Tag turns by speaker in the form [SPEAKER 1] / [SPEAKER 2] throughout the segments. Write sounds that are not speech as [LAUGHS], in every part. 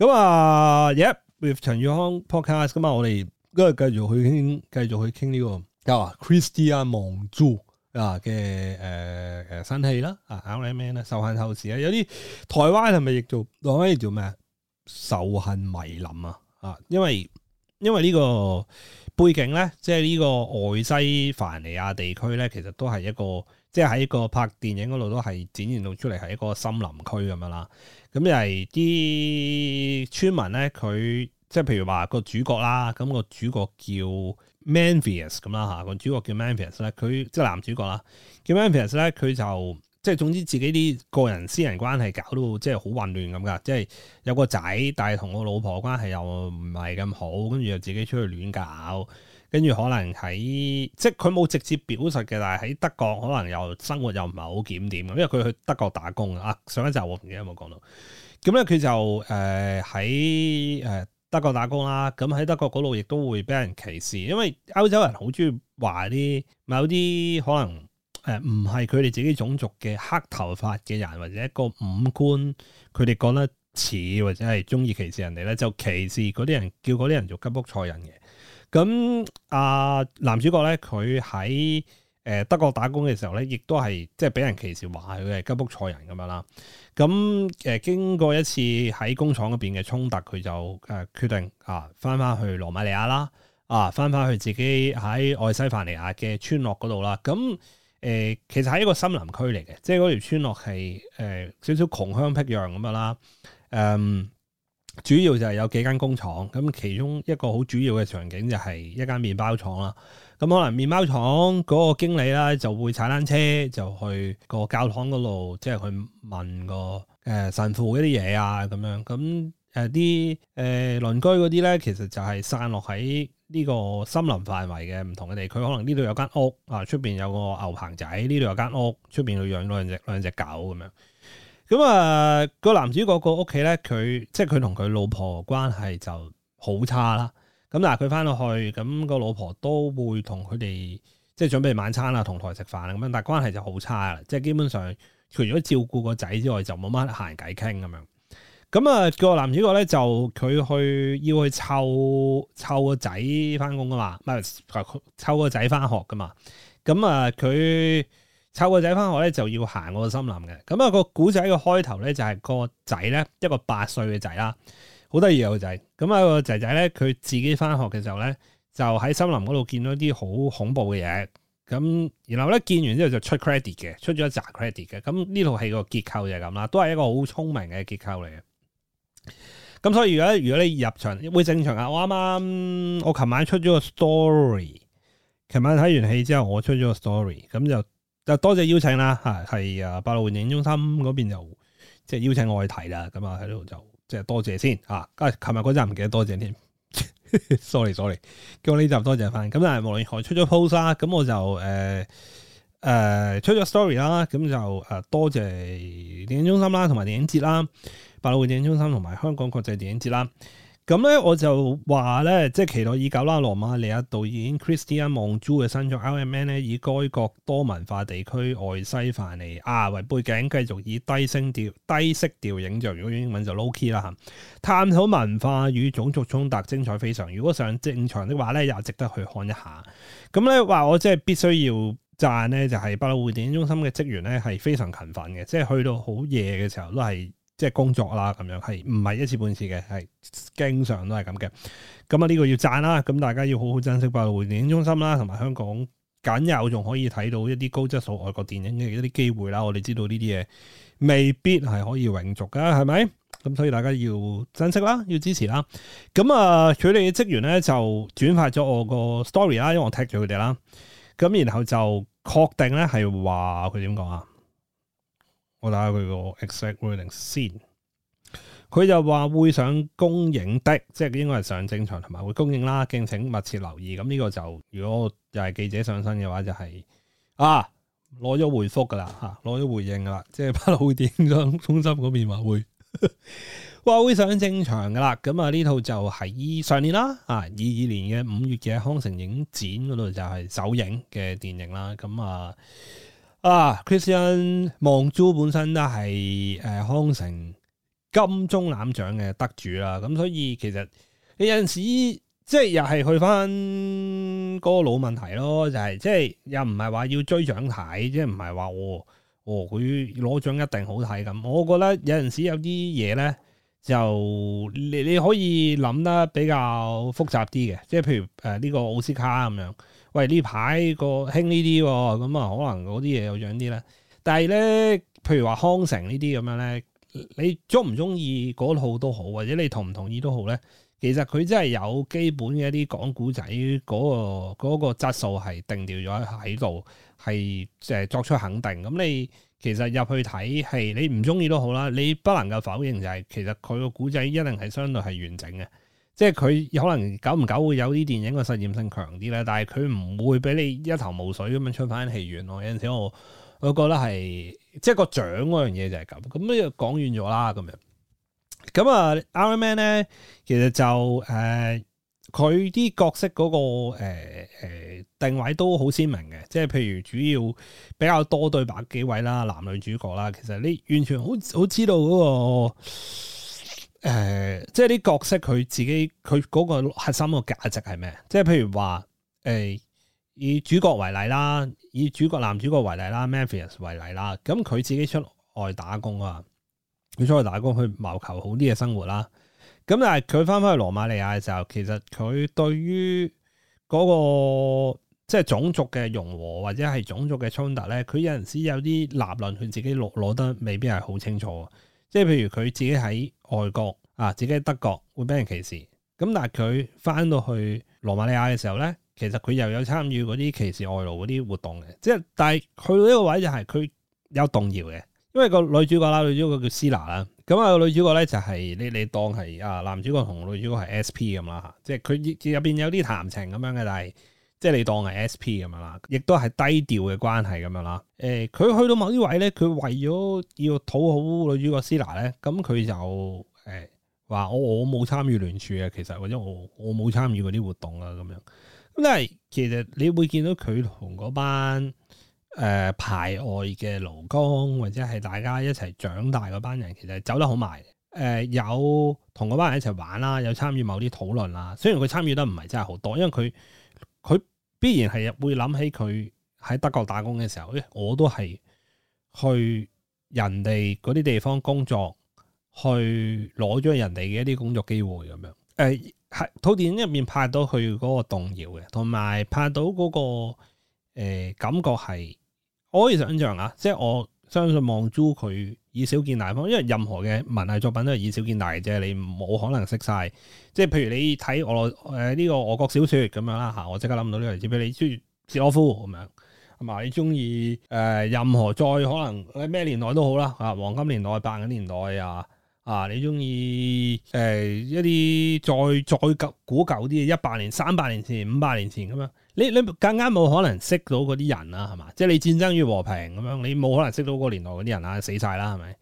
[SPEAKER 1] 咁啊，Yep，with 陳宇康 podcast 咁、um, uh, uh, uh, uh, 啊，我哋今日繼續去傾，繼續去傾呢個啊 Christian 蒙住啊嘅誒誒新戲啦，啊 R M N 咧仇恨透視啊，有、uh, 啲台灣係咪亦做講可以做咩啊？仇恨迷林啊啊，因為因為呢個。背景咧，即係呢個外西凡尼亞地區咧，其實都係一個，即係喺個拍電影嗰度都係展現到出嚟係一個森林區咁樣啦。咁又係啲村民咧，佢即係譬如話個主角啦，咁、個主角叫 Manvias 咁啦嚇，個主角叫 Manvias 咧，佢、那個、即係男主角啦，叫 Manvias 咧，佢就。即係總之自己啲個人私人關係搞到即係好混亂咁㗎，即係有個仔，但係同個老婆關係又唔係咁好，跟住又自己出去亂搞，跟住可能喺即係佢冇直接表述嘅，但係喺德國可能又生活又唔係好檢點，因為佢去德國打工啊。上一集我唔記得有冇講到，咁咧佢就誒喺誒德國打工啦。咁喺德國嗰度亦都會俾人歧視，因為歐洲人好中意話啲某啲可能。誒，唔係佢哋自己種族嘅黑頭髮嘅人，或者一個五官，佢哋講得似，或者係中意歧視人哋咧，就歧視嗰啲人，叫嗰啲人做吉卜賽人嘅。咁、嗯、啊、呃，男主角咧，佢喺誒德國打工嘅時候咧，亦都係即係俾人歧視，話佢係吉卜賽人咁樣啦。咁、嗯、誒、呃，經過一次喺工廠嗰邊嘅衝突，佢就誒、呃、決定啊，翻翻去羅馬尼亞啦，啊，翻翻去、啊、去自己喺外西凡尼亞嘅村落嗰度啦。咁、嗯嗯誒、呃，其實喺一個森林區嚟嘅，即係嗰條村落係誒、呃、少少窮鄉僻壤咁樣啦。嗯、呃，主要就係有幾間工廠，咁其中一個好主要嘅場景就係一間麵包廠啦。咁可能麵包廠嗰個經理咧，就會踩單車就去個教堂嗰度，即係去問個誒、呃、神父一啲嘢啊咁樣。咁誒啲誒鄰居嗰啲咧，其實就係散落喺。呢個森林範圍嘅唔同嘅地，佢可能呢度有間屋啊，出邊有個牛棚仔，呢度有間屋，出邊去養兩隻兩隻狗咁樣。咁啊、呃這個男主角個屋企咧，佢即係佢同佢老婆關係就好差啦。咁但係佢返到去，咁、那個老婆都會同佢哋即係準備晚餐啦，同台食飯啦咁樣，但係關係就好差啦，即係基本上除咗照顧個仔之外，就冇乜閒偈傾咁樣。咁啊，個男主角咧就佢去要去湊湊個仔翻工噶嘛，唔係湊個仔翻學噶嘛。咁啊，佢湊個仔翻學咧就要行個森林嘅。咁啊，個古仔嘅開頭咧就係個仔咧一個八歲嘅仔啦，好得意嘅個仔。咁啊，個仔仔咧佢自己翻學嘅時候咧就喺森林嗰度見到啲好恐怖嘅嘢。咁然後咧見完之後就出 credit 嘅，出咗一集 credit 嘅。咁呢套戲個結構就係咁啦，都係一個好聰明嘅結構嚟嘅。咁、嗯、所以如果如果你入場會正常噶，我啱啱我琴晚出咗個 story，琴晚睇完戲之後我出咗個 story，咁就就多謝邀請啦吓，係啊八路電影中心嗰邊就即係邀請我去睇啦，咁啊喺呢度就即係多謝先吓，琴日嗰集唔記得多謝添 [LAUGHS] ，sorry sorry，叫我呢集多謝翻，咁但係無論如何我出咗 post 啦，咁我就誒誒、呃呃、出咗 story 啦，咁就誒、呃、多謝電影中心啦，同埋電影節啦。百老匯電影中心同埋香港國際電影節啦，咁咧我就話咧，即係期待已久啦。羅馬尼亞、啊、導演 Cristian Mungiu 嘅新作《R.M.N.》咧，以該國多文化地區外西凡尼亞為背景，繼續以低聲調、低色調影像，如果用英文就 low key 啦嚇，探討文化與種族衝突，精彩非常。如果想正常的話咧，又值得去看一下。咁咧話我即係必須要讚呢，就係百老匯電影中心嘅職員咧，係非常勤奮嘅，即係去到好夜嘅時候都係。即係工作啦，咁樣係唔係一次半次嘅？係經常都係咁嘅。咁啊呢個要讚啦，咁大家要好好珍惜百老匯電影中心啦，同埋香港僅有仲可以睇到一啲高質素外國電影嘅一啲機會啦。我哋知道呢啲嘢未必係可以永續噶，係咪？咁所以大家要珍惜啦，要支持啦。咁啊，佢哋嘅職員咧就轉發咗我個 story 啦，因為我踢咗佢哋啦。咁然後就確定咧係話佢點講啊？我打下佢個 exact wording 先，佢就話會上公映的，即係應該係上正場同埋會公映啦，敬請密切留意。咁呢個就如果又係記者上身嘅話，就是，就係啊，攞咗回覆噶啦吓，攞、啊、咗回應噶啦，即係百老匯電影中心嗰邊話會話 [LAUGHS] 會上正場噶啦。咁啊呢套就係上年啦，啊二二年嘅五月嘅康城影展嗰度就係首映嘅電影啦，咁啊。啊，Christian 望珠本身都係誒康城金棕櫚獎嘅得主啦，咁、嗯、所以其實你有陣時即係又係去返嗰個老問題咯，就係、是、即係又唔係話要追獎睇，即係唔係話哦，佢攞獎一定好睇咁。我覺得有陣時有啲嘢咧就你你可以諗得比較複雜啲嘅，即係譬如誒呢、呃呢個奧斯卡咁樣。喂，呢排個興呢啲喎，咁啊可能嗰啲嘢有樣啲咧。但係咧，譬如話康城呢啲咁樣咧，你中唔中意嗰套都好，或者你同唔同意都好咧，其實佢真係有基本嘅一啲講古仔嗰個嗰、嗰個、質素係定調咗喺度，係誒作出肯定。咁你其實入去睇係你唔中意都好啦，你不能夠否認就係、係、其實佢個古仔一定係相對係完整嘅。即係佢可能久唔久會有啲電影嘅實驗性強啲咧，但係佢唔會俾你一頭霧水咁樣出翻戲院咯。有陣時我我覺得係，即係個獎嗰樣嘢就係咁，咁又講完咗啦咁樣。咁啊，Iron Man 咧，其實就誒佢啲角色嗰、嗰個誒、呃呃、定位都好鮮明嘅，即係譬如主要比較多對白幾位啦，男女主角啦，其實你完全好好知道嗰、嗰個。誒、呃，即係啲角色佢自己佢嗰個核心個價值係咩？即係譬如話，誒、呃，以主角為例啦，以主角男主角為例啦，Mafias 為例啦，咁、嗯、佢自己出外打工啊，佢出去打工去謀求好啲嘅生活啦。咁、嗯、但係佢翻返去羅馬尼亞嘅時候，其實佢對於嗰、那個即係、就是、種族嘅融和或者係種族嘅衝突咧，佢有陣時有啲立論佢自己攞攞得未必係好清楚。即係譬如佢自己喺外國啊，自己喺德國會俾人歧視，咁但係佢翻到去羅馬尼亞嘅時候咧，其實佢又有參與嗰啲歧視外勞嗰啲活動嘅，即係但係去到呢個位就係佢有動搖嘅，因為個女主角啦，女主角叫斯娜啦，咁啊個女主角咧就係、是、你你當係啊男主角同女主角係 SP 咁啦嚇，即係佢入邊有啲談情咁樣嘅，但係。即係你當係 SP 咁樣啦，亦都係低調嘅關係咁樣啦。誒、呃，佢去到某啲位咧，佢為咗要討好女主角 Csilla 咧，咁佢就誒話我我冇參與聯署啊，其實或者我我冇參與嗰啲活動啊咁樣。咁但係其實你會見到佢同嗰班誒、呃、排外嘅勞工或者係大家一齊長大嗰班人，其實走得好埋。誒、呃、有同嗰班人一齊玩啦，有參與某啲討論啦。雖然佢參與得唔係真係好多，因為佢。佢必然係會諗起佢喺德國打工嘅時候，誒，我都係去人哋嗰啲地方工作，去攞咗人哋嘅一啲工作機會咁樣。誒、呃，係套電影入面拍到佢嗰個動搖嘅，同埋拍到嗰、那個誒、呃、感覺係，我可以想象啊，即、就、係、是、我相信望住佢。以少見大方，因為任何嘅文藝作品都係以少見大嘅啫，你冇可能識晒，即係譬如你睇俄羅誒呢、呃這個俄國小説咁樣啦嚇，我即刻諗到呢個例子。畀你中意契訶夫咁樣，同埋你中意誒任何再可能咩年代都好啦嚇，黃金年代、白銀年代呀。啊啊！你中意誒一啲再再舊古舊啲嘅一百年、三百年前、五百年前咁樣？你你更加冇可能識到嗰啲人啦，係嘛？即係你戰爭與和平咁樣，你冇可能識到嗰年代嗰啲人啦，死晒啦係咪？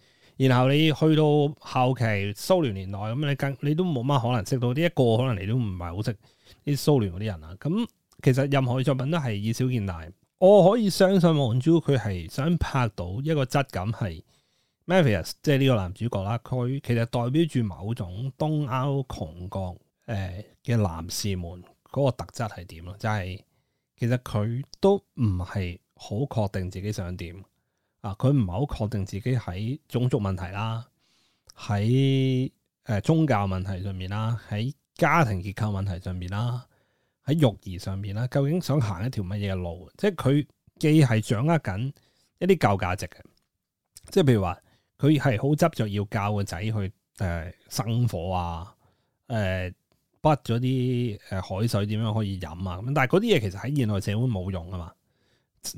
[SPEAKER 1] 然後你去到後期蘇聯年代咁，你更你都冇乜可能識到呢一個可能你都唔係好識啲蘇聯嗰啲人啦。咁、嗯、其實任何作品都係以小見大。我可以相信黃珠佢係想拍到一個質感係。Marius 即係呢個男主角啦，佢其實代表住某種東歐窮國誒嘅男士們嗰個特質係點啊？就係、是、其實佢都唔係好確定自己想點啊！佢唔係好確定自己喺種族問題啦，喺誒宗教問題上面啦，喺家庭結構問題上面啦，喺育兒上面啦，究竟想行一條乜嘢嘅路？即係佢既係掌握緊一啲舊價值嘅，即係譬如話。佢係好執着要教個仔去誒生火啊，誒潷咗啲誒海水點樣可以飲啊？咁但係嗰啲嘢其實喺現代社會冇用啊嘛，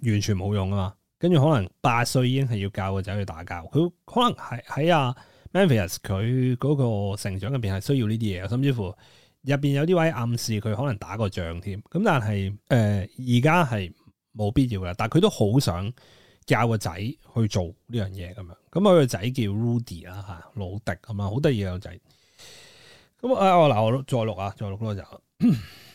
[SPEAKER 1] 完全冇用啊嘛。跟住可能八歲已經係要教個仔去打交，佢可能係喺阿 Manfius 佢嗰個成長入邊係需要呢啲嘢，甚至乎入邊有啲位暗示佢可能打過仗添。咁但係誒而家係冇必要噶，但係佢都好想。教個仔去做呢樣嘢咁樣，咁佢個仔叫 Rudy 啦吓，老迪咁啊，好得意個仔。咁、哦、啊，我嗱我再錄啊，再錄落去啊。 [COUGHS]